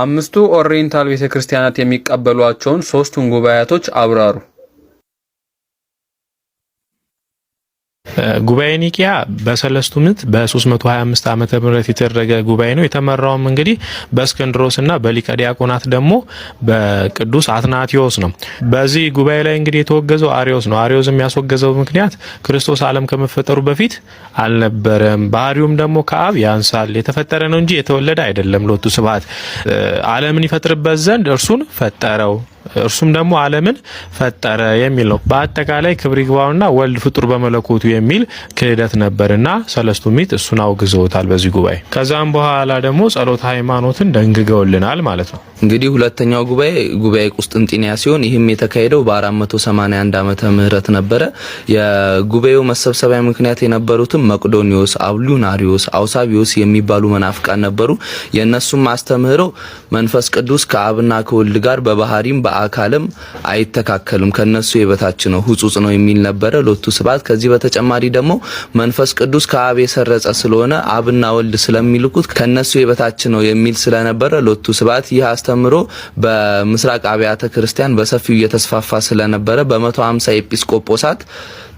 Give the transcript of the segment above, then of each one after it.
አምስቱ ኦሪየንታል ቤተክርስቲያናት የሚቀበሏቸውን ሶስቱን ጉባኤያቶች አብራሩ። ጉባኤ ኒቂያ በሰለስቱ ምት በ325 ዓመተ ምህረት የተደረገ ጉባኤ ነው። የተመራውም እንግዲህ በእስክንድሮስና በሊቀ ዲያቆናት ደግሞ በቅዱስ አትናቴዎስ ነው። በዚህ ጉባኤ ላይ እንግዲህ የተወገዘው አሪዮስ ነው። አሪዮስ የሚያስወገዘው ምክንያት ክርስቶስ ዓለም ከመፈጠሩ በፊት አልነበረም፣ ባህሪውም ደግሞ ከአብ ያንሳል፣ የተፈጠረ ነው እንጂ የተወለደ አይደለም። ሎቱ ስብሐት ዓለምን ይፈጥርበት ዘንድ እርሱን ፈጠረው እርሱም ደግሞ ዓለምን ፈጠረ የሚል ነው። በአጠቃላይ ክብር ይግባውና ወልድ ፍጡር በመለኮቱ የሚል ክህደት ነበርና ሰለስቱ ምዕት እሱን አውግዘውታል በዚህ ጉባኤ። ከዛም በኋላ ደግሞ ጸሎተ ሃይማኖትን ደንግገውልናል ማለት ነው። እንግዲህ ሁለተኛው ጉባኤ ጉባኤ ቁስጥንጢንያ ሲሆን ይህም የተካሄደው በ481 ዓመተ ምህረት ነበረ። የጉባኤው መሰብሰቢያ ምክንያት የነበሩትም መቅዶኒዎስ፣ አብሉናሪዎስ፣ አውሳቢዎስ የሚባሉ መናፍቃን ነበሩ። የእነሱም አስተምህሮ መንፈስ ቅዱስ ከአብና ከወልድ ጋር በባህሪም በ አካልም አይተካከልም ከነሱ የበታች ነው፣ ህጹጽ ነው የሚል ነበረ ሎቱ ስብሐት። ከዚህ በተጨማሪ ደግሞ መንፈስ ቅዱስ ከአብ የሰረጸ ስለሆነ አብና ወልድ ስለሚልኩት ከነሱ የበታች ነው የሚል ስለነበረ ሎቱ ስብሐት። ይህ አስተምሮ በምስራቅ አብያተ ክርስቲያን በሰፊው እየተስፋፋ ስለነበረ በ150 ኤጲስቆጶሳት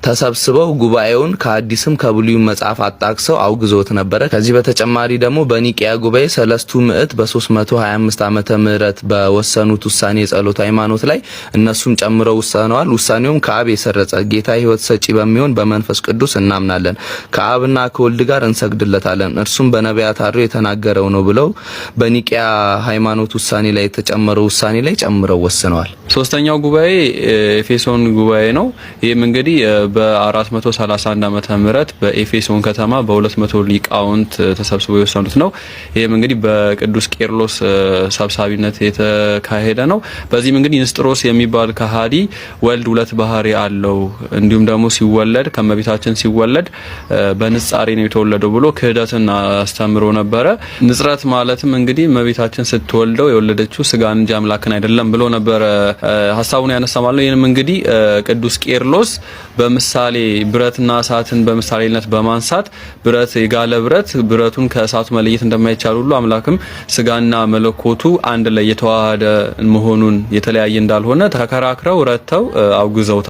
ተሰብስበው ጉባኤውን ከአዲስም ከብሉይ መጽሐፍ አጣቅሰው አውግዞት ነበረ። ከዚህ በተጨማሪ ደግሞ በኒቅያ ጉባኤ ሰለስቱ ምእት በ325 ዓመተ ምህረት በወሰኑት ውሳኔ ጸሎታዊ ሃይማኖት ላይ እነሱም ጨምረው ውሳነዋል። ውሳኔውም ከአብ የሰረጸ ጌታ ህይወት ሰጪ በሚሆን በመንፈስ ቅዱስ እናምናለን፣ ከአብና ከወልድ ጋር እንሰግድለታለን፣ እርሱም በነቢያት አድሮ የተናገረው ነው ብለው በኒቂያ ሃይማኖት ውሳኔ ላይ የተጨመረው ውሳኔ ላይ ጨምረው ወስነዋል። ሶስተኛው ጉባኤ ኤፌሶን ጉባኤ ነው። ይህም እንግዲህ በ431 ዓመተ ምህረት በኤፌሶን ከተማ በ200 ሊቃውንት ተሰብስበው የወሰኑት ነው። ይህም እንግዲህ በቅዱስ ቄርሎስ ሰብሳቢነት የተካሄደ ነው። በዚህም እንግዲህ ንስጥሮስ የሚባል ከሃዲ ወልድ ሁለት ባህሪ አለው እንዲሁም ደግሞ ሲወለድ ከመቤታችን ሲወለድ በንጻሬ ነው የተወለደው ብሎ ክህደትን አስተምሮ ነበረ። ንጽረት ማለትም እንግዲህ መቤታችን ስትወልደው የወለደችው ስጋን እንጂ አምላክን አይደለም ብሎ ነበረ ሀሳቡን ያነሳ ማለት ነው። ይህንም እንግዲህ ቅዱስ ቄርሎስ በምሳሌ ብረትና እሳትን በምሳሌነት በማንሳት ብረት የጋለ ብረት ብረቱን ከእሳቱ መለየት እንደማይቻል ሁሉ አምላክም ስጋና መለኮቱ አንድ ላይ የተዋሃደ መሆኑን የተለያየ እንዳልሆነ ተከራክረው ረተው አውግዘውታል።